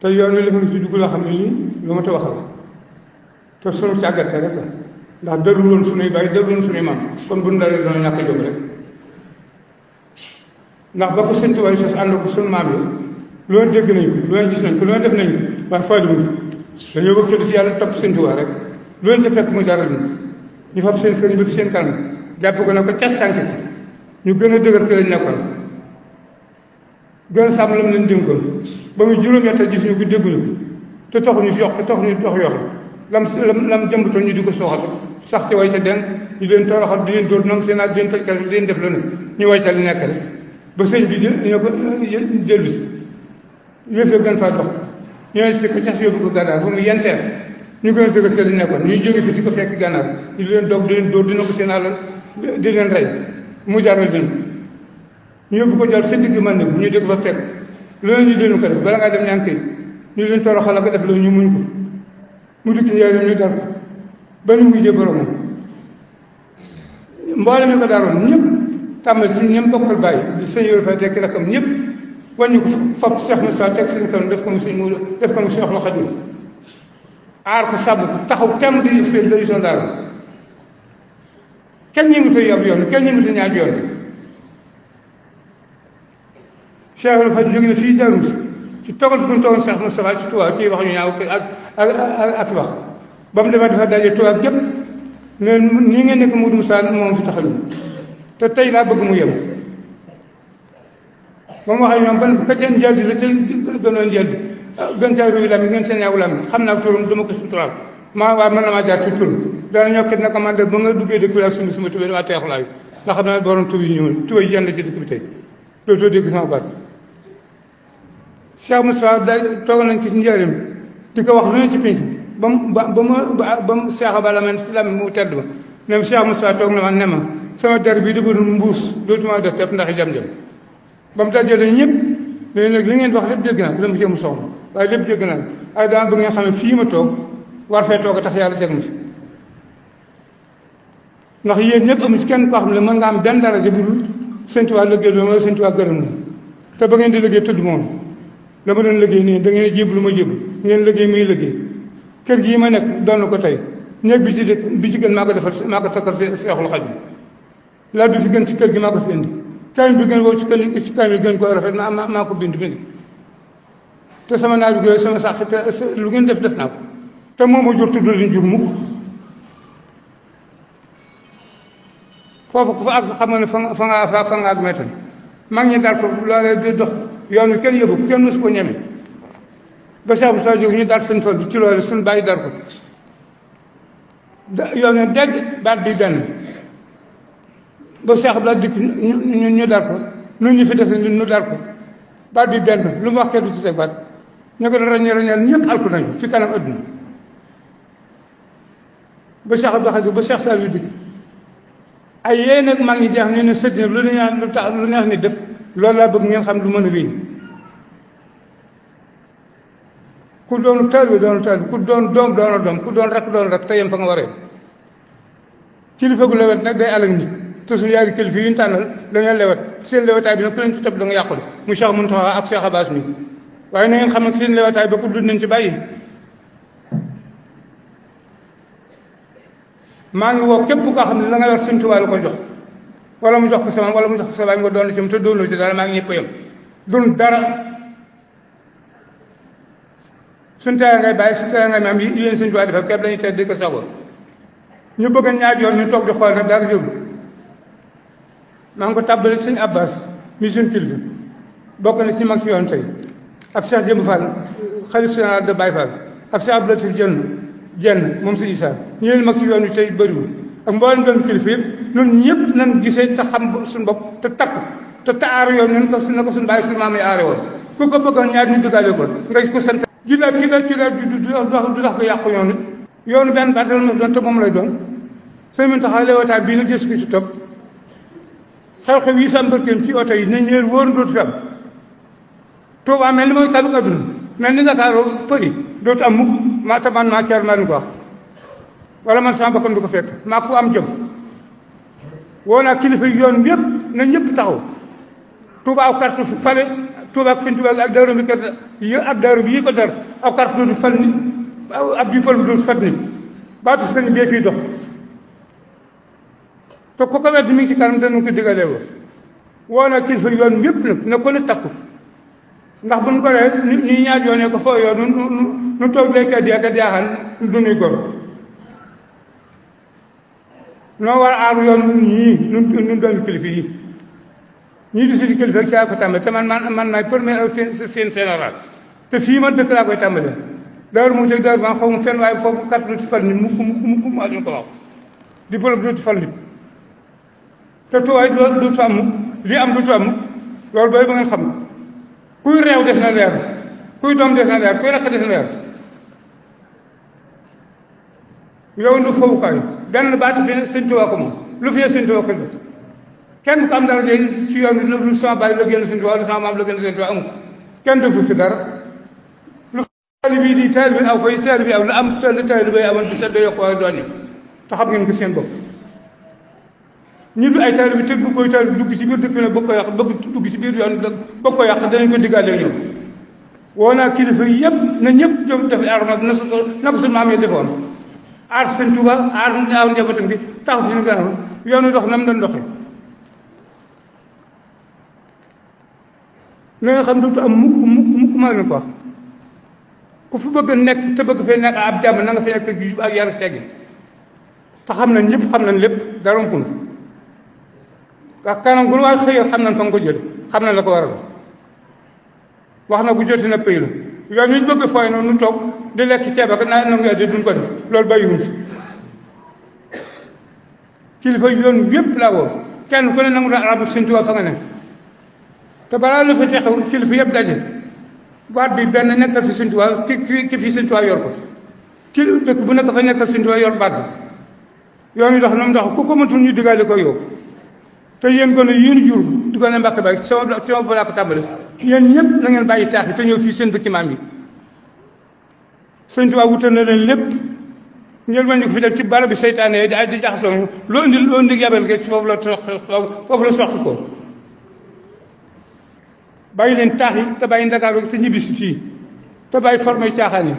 te yoon wi li mu ngi ci dugg xam ne lii lu ma ta waxal te sunu càggarte rek ndax dëru suñuy bàyyi dëru loon suñuy maam kon buñ dalee doon ñàkk jóg rek ndax ba ko sëñ Tuubaa sos ànd ko sunu maam yi lu leen dégg nañ ko lu leen gis nañ ko lu leen def nañ ko waaye faaluñu dañoo bëgg codi ci yàlla topp sëñ Tuubaa rek lu leen ca fekk mu ñu fa seen sëriñ bi fi seen kanam jàpp ko ne ko cas sànq ñu gën a dëgër ci lañ nekkoon doon sàmm la mu leen dénkoon ba mu juróom-ñett ji ñu ko dégguñu te taxuñu fi yox te taxuñu dox yox la lam lam jëmbatoon ñu di ko sooxal sax ci way sa den ñu leen toroxal di leen dóor nangu seen naat di leen tojkal di leen def lu ne ñu way ca li nekk rek ba sëñ bi ñoo ko dellu si yëfee gën faa dox ko cas ñu gën a la see nekkoon ñuy jóge fi di ko fekk gànnaar ñu leen doog di leen dóor di nangu seen mu jaaroo din ñu yóbbu ko jor sa digg man ne bu ñu dégg fa fekk loolu ñu dinu ko def bala ngaa dem ñaan kay ñu leen toroxal ak def loolu ñu muñ ko mu dikk njëriñ ñu dar ko ba nu mujjee boromam mboolem mi ko daroon ñëpp tàmbali ci ñoom bokkal bàyyi di sëñ Yoro tekki rakam ñëpp wàññi ko fab Cheikh Moussa teg seen kanam def ko mu sëñ Muudu def ko mu Cheikh Lo Xadim aar ko sàmm ko taxaw temm di fii la ison daara kenn ñi ngi toy yab kenn ñi ngi yoon Cheikh Ibra Fall jóge ci toogal mu toogoon Cheikh Moustapha ci Touba ci wax ñu ñaaw ak ba mu demee dafa daje Touba gépp ne nii ngeen nekk Moudou Moussa moom fi te tey laa bëgg mu yem ba mu waxee ñoom ban ka seen njëlbi la seen gënoon njëlbi gën saa ah, ruuy yi xam naa turam dama ko suturaal maa waaye na maa jaar ci na duggee dëkk bi ak sumbi suma tubé damaa teexulaayu ndax xam naa borom tub yi ñëw tubé yi jënd ci dëkk bi tey dootoo dégg sama baat Cheikh Moussa day toogal nañ ci njëriñ di ko wax lu ne ci ba mu ba mu ba mu Cheikh Abala man si lam mu tedd ma même Cheikh Moussa toog na ma ma sama der bi dugg mbuus dootuma def tepp ndax jam-jam ba mu dajale ñëpp mais li ngeen wax lépp dégg naa ko dama jéem soxna waaye lépp dégg naa ay daan ba ngeen xam ne fii ma toog war fee toog a tax yàlla jeg ma ci ndax yéen ñëpp amu ci kenn koo xam ne mën nga am benn dara jëbul sëntuwaa liggéey loo ma sëntuwaa gërëm la te ba ngeen di liggéey tudd moom la ma doon liggéey nii da ngeen lu ma jib ngeen liggéey muy liggéey kër yi ma nekk doon ko tey néeg bi ci dëkk bi ci gën maa ko defal maa ko takkal seexul xadim bi fi ci kër gi maa ko bi gën woo ci kër ci kaamil koo rafet maa maa ko bind bind te sama naaj bi sama sax lu ngeen def def naa ko te moom a jur tudd leen jur mukk foofu ku fa àgg xam nga ne fa nga fa nga fa nga ak mag ñi daal ko loolee di dox yoon wi kenn yóbbu kenn mësu ko ñeme ba Cheikh Moussa Diouf ñu daal seen fal ci loolu seen bàyyi dar ko yoon wi dégg baat bi benn ba Cheikh Abdoulaye dikk ñu ñu dar ko ñun ñu fi def ñun dar ko baat bi benn lu mu wax kenn du ci teg baat ñu ko doon ràññee ràññeel ñëpp alku nañu fi kanam adduna ba Cheikh Abdoulaye Diouf ba seex Sall yu dikk ay yee nag maa ngi jeex ñu ne sëñ lu ne lu lu neex ni def. loolu laa bëgg ngeen xam lu mën a wéy ku bi doon doonu taalibe ku doon doom doona doom ku doon rakk doon rakk te yen fa nga waree kilifa gu lewet nag day alal nit te su yaari kilifa yi ñu tànnal dañoo lewet seen lewetaay ku leen ci topp da nga yàqule mu Cheikh Mountakha ak Cheikh Abbas mi waaye na ngeen xam ak seen lewetaay ba ku dund nañ ci bàyyi maa ngi woo képp koo xam ne la nga yor Sëñ Tuubaa la ko jox wala mu jox ko sama wala mu jox ko sa baay nga doon ci mu te doonul ci dara maa ngi ñëpp yem dun dara suñ teel ngay bàyyi suñ teel ngay maam yéen suñ tubaab defal képp dañuy teel di ko ñu bëgg a yoon ñu toog di xool rek dara jógu maa ko tàbbali suñ abbas mi suñ kilifa bokk na ci mag si yoon tey ak Cheikh Jëmb Fall xalif général de Baye Fall ak Cheikh Abdou Latif Jenn Jenn moom si Issa ñu leen mag si yoon tey bëriwul ak mboolem doon kilifa yëpp ñun ñëpp nañ gisee te xam suñu bopp te takku te te yoon nañ ko su na ko suñu bàyyi suñu maam yi aare woon ku ko bëggoon ñaar ñu duggaale ko nga ko sant ji la ki la ci la du du tax yàqu yoon yoonu benn baatal na doon te moom lay doon sëñ bi taxaw leewataay bii na gis ko ci topp xew-xew yi sam barkeem ci oto yi nañ leen wóor dootu fi am Tuubaa mel ni mooy kabik adduna mel ni Ndakaaru përi dootu am mukk maa taman maa ceer maa ko wala man sama bakkan du ko fekk maa ko am jom woo naa kilifa yoon yëpp na ñëpp taxaw Touba aw carte fale Touba ak sëñ Touba ak daaru bi dar aw carte dootu fal nit ab ji fal dootu fat nit baatu sëñ bee dox te ku ko wedd mi ngi ci kanam danañ ko diggalee woo woo naa kilifa yoon yëpp na ko ne takku ndax buñ ko ree ni ñaar yoonee ko foo yoon nu toog léegi di ak jaaxal du nuy noo war a aaru yoon nun ñii nun nun doon ñii di suñu kilifa ci ko tàmbale te man man man maay premier seen seen général te fii man dëkk koy tàmbale daaru mu teg daaru man xaw mu fenn waaye foofu kat lu ci fal nit mu mu mu mu aduñ ko wax diplôme du ci fal nit te tuwaay loolu du am li am du am loolu bari ba ngeen xam kuy réew def na leer kuy doom def na leer kuy rakk def na leer yow ndu foofu kaay benn baatu bi sëñ Tuubaa ko moom lu fi sëñ Tuubaa ko def kenn am dara de ci yoon bi lu sama baay la génn sëñ Tuubaa lu sama maam la génn sëñ Tuubaa amul kenn defu fi dara lu taali di taali bi aw fay taali aw la am taali taali bay amoon bi sa da yokk waaye doon yi te xam ngeen seen bopp ñu du ay taali bi te bu koy taali bi dugg ci biir dëkk ko yàq bëgg dugg ci biir yoon bëgg ko yàq dañu ko diggaale ñoom naa kilifa yëpp na ñëpp jom def arma na ko suñ maam yi defoon aar sëñ Tuuba aar aw njabootam bi taxaw suñu garaawam yoonu dox na mu doon doxee la nga xam dootu am mukk mukk mukk maa ko ku fi bëgg nekk te bëgg fee nekk ab jàmm na fee nekk te jub yar teggi te xam nañ ñëpp xam nañ lépp dara mu ndax kanam gu waa xëyal xam na fa nga ko jël xam nañ la waral wax na bu joti na pay la yoon bëgg fooy noonu toog di lekk ceeb ak naa nangu addi dun ko def loolu bàyyiwuñ fi kilifa yu yoon yépp laa woo kenn ku ne nangu doon arabu Sëñ Tuubaa fa nga ne te balaa lu fi texew yépp daje baat bi benn nekkal fi Sëñ Tuubaa ki ki fi yor ko ki dëkk bu nekk fa nekkal Sëñ Tuubaa yor baat bi yoon yu dox na mu dox ku ko mëntul ñu diggaale ko yow te yéen gone yéen jur di gone Mbàkke Bari sama sama balaa ko tàmbale yéen ñëpp na ngeen yi taax yi te ñëw fii seen dëkki maam yi sëñ Tuubaa wutal na leen lépp njël ma ñu ko fi def ci barab bi seytaane yi daal di jaxasoo loo indi loo indi yabal gi foofu leen taax yi te bàyyi ndakaaru te ñibbisi fii te bàyyi formé caaxaan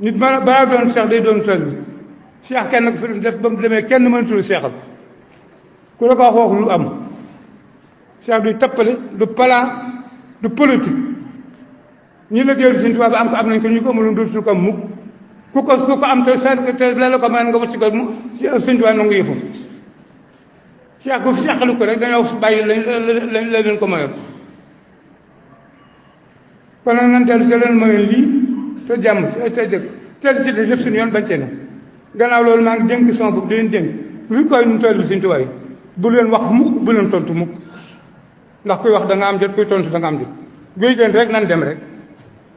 nit ma balaa doon seex day doon tool bi seex kenn ko fi def ba mu demee kenn mënatul seexal ku la ko wax wax lu am seex du tappale du plan du politique ñu liggéeyal Sëriñ Tuubaa ba am ko am nañ ko ñu ko amaloon dootuñu ko am mukk ku ko ku ko am te sa ko mën nga wacc ko mu Sëriñ Tuubaa nangu yëfu Cheikh ko rek dañoo bàyyi lañ lañ la leen ko mayoon kon nag nan dellu te leen mayoon lii te jàmm te dëkk teel ci des lépp suñu yoon bañ cee gannaaw loolu maa ngi dénk sama bopp di leen dénk lu koy nu toll Sëriñ Tuubaa yi bu leen wax mukk bu leen tontu mukk ndax kuy wax danga am jot kuy tontu da nga am jot guy gën rek nan dem rek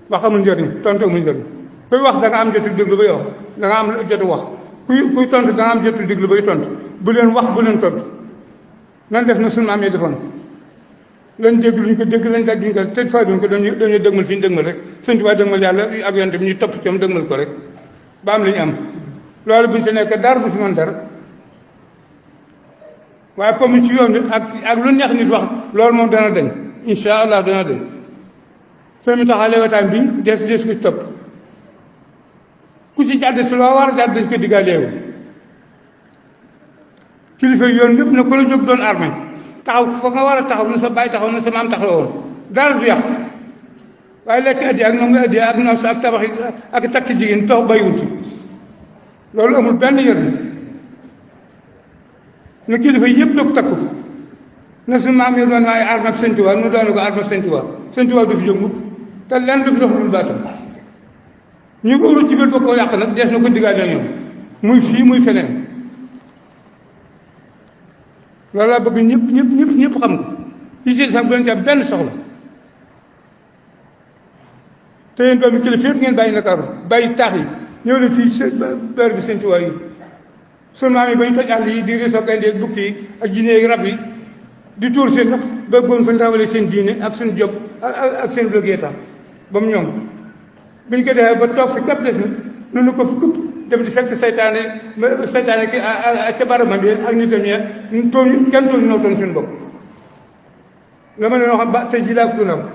wax amul njëriñ tontu amul njëriñ kuy wax da am jotu déglu bay wax da nga am jotu wax kuy kuy tontu da nga am jotu déglu bay tontu bu leen wax bu leen tontu na def na suñu maam yi defoon lan dégg luñ ko dëgg lañ daj diñ ko te fa duñ ko dañu dañu dëgmal fi ñu dëgmal rek sëñ Tuubaa dëgmal yàlla ak yonte ñu topp ci am dëgmal ko rek ba am li ñu am loolu ñu ci nekk dar du si mën dara waaye comme ci yoon ak ak lu neex nit wax loolu moom dana dañ incha allah dana dañ soo mu taxalee wataan bi des des ko topp ku ci jàdd si loo war a jàdd dañ ko diggaaleewu kilifa yoon yëpp na ku la jóg doon armé taxaw fa war a taxaw na sa baay taxaw na sa maam taxawoon dara du yàqu waaye lekk addiya ak nangu addiya ak noos ak tabax ak takk jigéen tax bayiwut loolu amul benn yoon na kilifa yëpp dog takku na su maam yi doon waaye armé Sëñ Tuubaa nu doon ko armé Sëñ du fi jóg te leen du fi dox dul baatam ñu ko wut ci biir ba koo yàq nag dees na ko diggaale ak ñoom muy fii muy feneen loolu laa bëgg ñëpp ñëpp ñëpp xam ko li ci sax bu leen ci am benn soxla te yéen doomi kilifa yëpp ngeen bàyyi Ndakaaru bàyyi taax yi ñëw leen fii seen beer bi seen tuwaay yi maam yi ba ñu toj àll yi di reesoo gaynde ak bukki ak jinne yi rab yi di tuur seen ndox ba góor fa ñu seen diine ak seen job ak seen bëgg ba mu ñoom biñ ko defee ba toog fi képp des na nu ko fi këpp dem di fekk seytaane seytaane ki ca barama bi ak nitam ya ñu tooñ kenn tooñ noo toon suñu bopp la ne noo xam ba tey ji laa ko noonu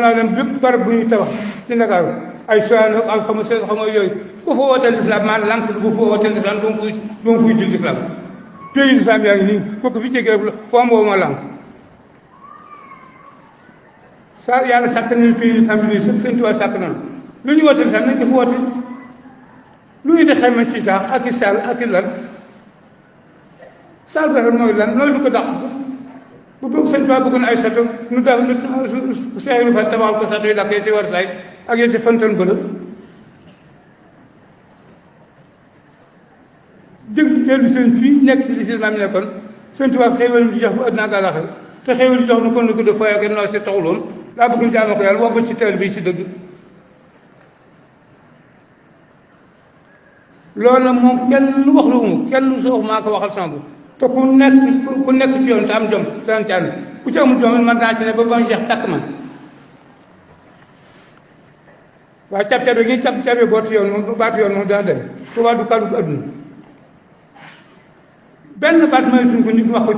laa dem bépp barab bu ñuy tabax ci Ndakaaru ay soano ak xama seen xama yooyu ku fa wootee lislaam maa lànk bu fa wootee lislaam du ma fuy du ma fuy jul lislaam pays yaa ngi nii kooku fi jéggi rek foo am woo ma lànk sa yàlla sàkk nañu pays du samedi sëpp sëñ Tuubaa sàkk nañu lu ñu woote sax nañ def lu ñu di xayma ci taax ak i saal ak i lan saal dara mooy lan loolu du ko dàq bu bëgg sëñ Tuubaa bëggoon ay sato seen fii nekk ci lislaam nekkoon sëñ Tuubaa xéewal mu jox bu àddina ak àllaaxira te xéewal jox nu kon nu ko def fooy ak noonu si daa bëgg ñu ko yàlla woo ci teel bi ci dëgg loolu nag moom kenn waxluwumu kenn soox maa ko waxal sama bopp te ku nekk ku nekk ci yoon te am jom ku ci amul jom man naa ci ne ba ba mu jeex takk man waaye cab-cabe gi cab-cabe booti yoon moom du baatu yoon moom dana dem tubaab du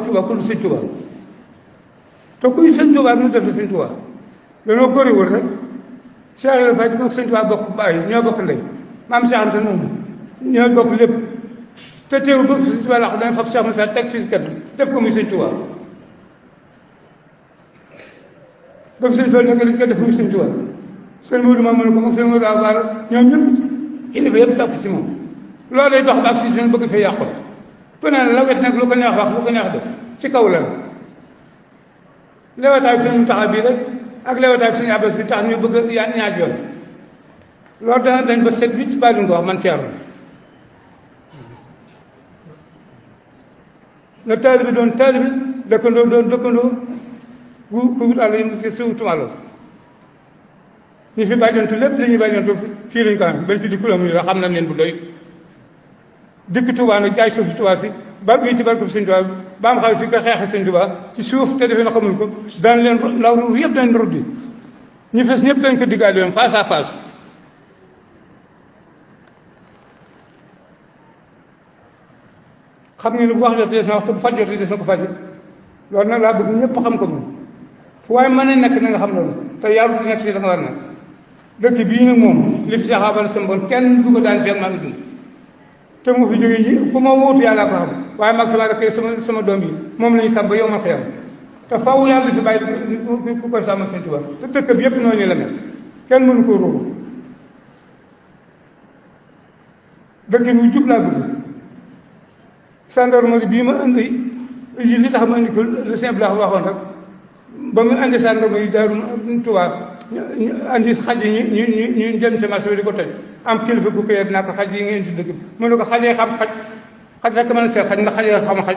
ku dul Sëñ Tuubaa te kuy Sëñ Tuubaa mu dañoo góoriwul rek Cheikh Ibra Faye moom Sëñ Tuubaa bokk baay ñoo bokk ndey maam Cheikh Anta noonu ñoo bokk lépp te teewul boobu Sëñ Tuubaa làqu dañ fab Cheikh Ibra Faye teg fii kat def ko muy Sëñ Tuubaa boobu Sëñ Tuubaa nekk dañ ko def muy Sëñ Tuubaa seen Moodu moom mënu ko moom seen Moodu Awaar ñoom ñëpp indi fa yëpp topp ci moom loolu day dox ba ak si suñu bëgg fee yàqu ku ne la wet nag lu ko neex wax lu ko neex def ci kaw la lewetaay suñu taxaw bii rek ak léwataak suñu abbas bi tax ñu bëgg yaa ñaaj yoon loolu dana dañ ko set wicc bàyyi duñ ko man ceerul na taalibi doon taalibi dëkkandoo doon dëkkandoo ku ku wut àll yi si wutum àll ñu fi bàjjantu lépp li ñuy bàjjantu fii lañ bañ fi di kula mu ñu xam na leen bu doy dikk Tuubaa nag jaay suuf si ba ñu ci barkeb Sëñ ba am xaalis si ko xeexe Sëñ Tuubaa ci suuf te defe na xamuñ ko daan leen law nuur yëpp dañ ruddi ñu fes ñëpp dañ ko diggaale yoon face à face xam ngeen ne bu wax jot des na wax te bu faj des na ko faj loolu nag laa bëgg ñëpp xam ko moom fu waaye mën a nekk na nga xam loolu te yàlla du nekk dafa war a nekk bii nag moom li fi saxaabal sëmboon kenn du ko daan seen maa ngi dund te mu fi jóge ji ku ma wóotu yàlla ko xam waaye mag sama rakk sama sama doom yi moom lañu ñu sàmm ba yow ma xëyam te faaw yàlla fi bàyyi ku koy sàmm seen tubaab bi ma indi yi li tax ma indi ko le simple waxoon rek ba mu indi gendarmerie yi ñu ñu ñu ñu jëm ci marché bi di ko am kilifa ko yor naa ko xaj yi ngeen ci dëgg mu ne ko xajee xam xaj xaj rek mën a seet xaj ndax xajee xam xaj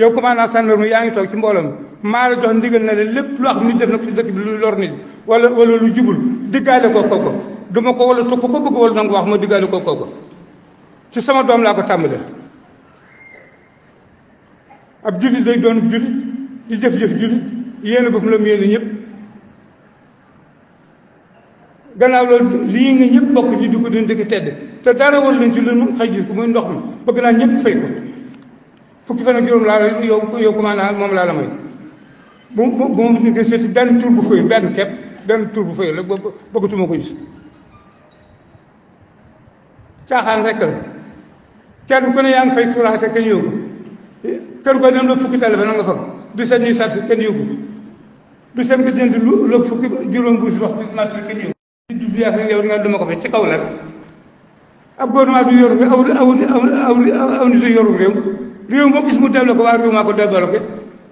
yow commandant gendarme yaa ngi toog ci mbooloo maa la jox ndigal na leen lépp lu xam ni def na ko ci dëkk bi lu lor nit wala wala lu jubul diggaale ko kooku du ma ko wala tukk ko bëgg wala nangu wax ma diggaale ko kooku ci sama doom laa ko tàmbale ab jullit day doon jullit di jëf-jëf jullit yéen a bopp la mu yéen ñëpp gannaaw loolu lii nga ñëpp bokk ci dugg dañ dëkk tedd te dara war lañ ci lu mu xëy gis ko muy ndox mi bëgg naa ñëpp fay ko fukki fan ak juróom laa yow yow commande moom laa la may bu bu bu mu nga seeti benn tur bu fay benn kepp benn tur bu fay la ko gis rek la kenn ku ne yaa ngi fay turaase yóbbu kër ko dem la fukki tali ba nga fa du seen ñuy sas kenn yóbbu du seen nga jënd lu la fukki juróom buusi wax bi marché kenn yóbbu bi affaire yow nga ko fi ci kaw lan ab gouvernement du yor aw aw aw aw nitu yorum réew réew moo gis mu développé waa réew maa ko développé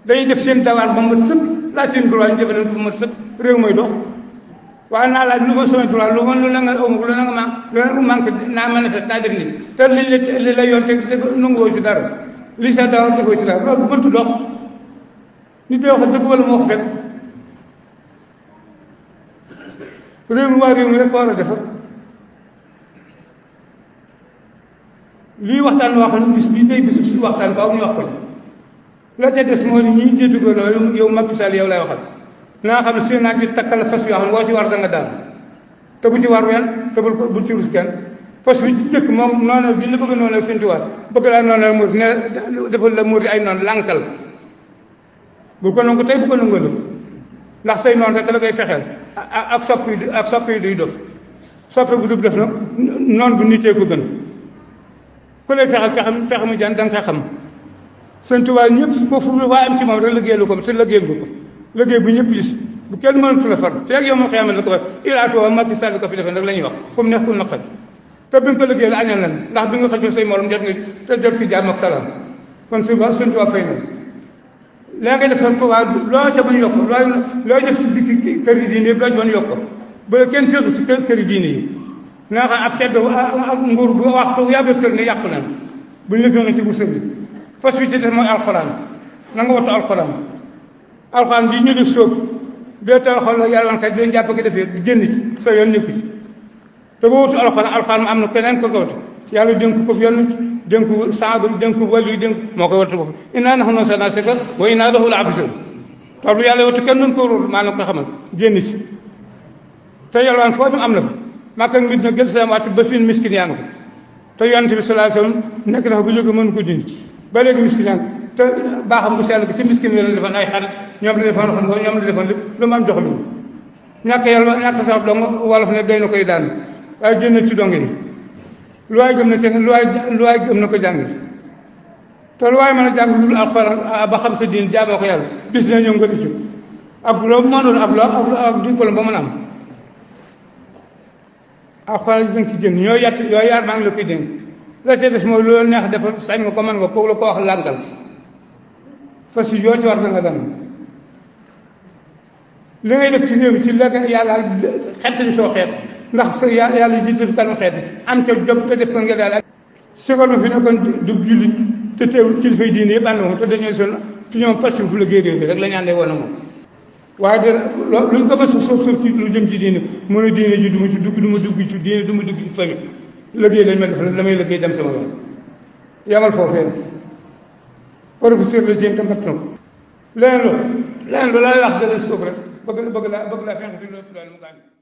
dañuy def seen dawaan ba mu mat sëkk laaj seen droit ñu defe leen ba mu mat sëkk réew mooy dox waaye naa laaj lu ma sama droit lu ma lu la nga awma lu la nga manque lu manque naa manifeste naa def nii te liñ la li la yoon te nanguwoo ci dara li sa dawaan defoo ci dara loolu bëtt dox nit day wax dëgg wala moo wax fekk réew mi waa réew mi rek ko war a defar lii waxtaan wax na bis bii tey bisu suñu waxtaan faaw ñu wax ko ci la ca des mooy ñi yow Macky Sall yow lay naa bi takkal fas yoo xam ne boo ci da te bu ci war wenn te bu bu ci rus kenn bi ci jëkk moom noonu bi la bëgg noonu ak seen tuwaat bëgg laa noonu la muur ay noonu lànkal bu ko nangu tey bu ko nangu ndax say noonu rek la koy fexeel ak sopp yi ak sopp yi duy dof soppe bu dub dof nag noonu bu nitee ko gën ku lay fexal fexam fexamu jaan da nga koy xam sëñ Tuubaa ñëpp ko fu waa am ci moom rek liggéeyal ko te liggéeyal ko liggéey bu ñëpp gis bu kenn mënatu la far feeg yow ma xiyaamal la ko wax iraatoo Macky Sall ko fi defee nag la ñuy wax comme neex ku naqari te bi nga ko liggéeyal añal lan ndax bi nga xëccoo say morom jot nga te jot ki jàmm ak salaam kon su ba sëñ la nga defoon ko waaw loo ca bañ yokk loo loo def si digg kër yi diine yëpp loo ca bañ yokk bu la kenn seetu si kër yi diine yi nga xam ab tedd ah, ah, nguur bu wax ko yaa def sër ne bu ñu la fee ci bu sëbi fas wi ci def mooy alxuraan na wattu alxuraan alxuraan bi ñu di sóob bee taw xool la yàlla kay di leen jàpp ko defee génn ci sa yoon nekku ci te boo wattu alxuraan alxuraan am na keneen ko gawte yàlla dénk ko yoon dénku saaba dénku wàllu dénk moo ko wattu boppam innaa nahnu nazzalnaa zikra wa innaa lahu lahaafizuun toolu yàlla wattu kenn mën ko ruur maa na ko xamal te yalwaan foo dem na fa màkka mit na gël salaam ba suñu miskin yaa ngi ko te yonent bi sallallahu alayhi wasallam nekk na bu jóge mënu ko dindi ba léegi miskin yaa ngi te baaxam bu sell gi ci miskin yi ñoom la defoon xam ñoom la defoon lépp lu mu am jox lu ñàkk yàlla ñàkk sabab dong wolof ne doy na koy daan waaye génn ci dong lu waay gëm na kenn ko jàng te lu waay mën a jàng lu alxuraan ba xam sa diin jaamoo ko yàlla bis na ñëw nga rëccu ak loo mënoon ak a am alxuraan gis nga ci jëm ñoo yàtt yooyu yaar maa ngi la koy dénk la des mooy loolu neex dafa sañ nga ko mën nga kooku la ko wax lànkal fas yi yoo ci war da nga daan li ngay def ci réew ci la yàlla xettali soo xeet ndax su yàlla jiital fi kanam xeet am ca jom te def ko ngir yàlla sukkandu fi nekkoon du jullit te teewul kilifa yi diine yëpp ànd moom te dañoo sonn te ñoom fàcc fu la géej bi rek la ñu àndee woon moom waaye de luñ ko mën suuf suuf ci lu jëm ci diine mën a diine ji du ma ci dugg du ma dugg ci diine du ma dugg ci famille liggéey la damay liggéey dem sama yoon yamal foofee professeur la jéem te mat na ko leneen lu leneen lu lay wax da lay suuf rek bëgg bëgg laa bëgg laa fenk di loolu mu gaañ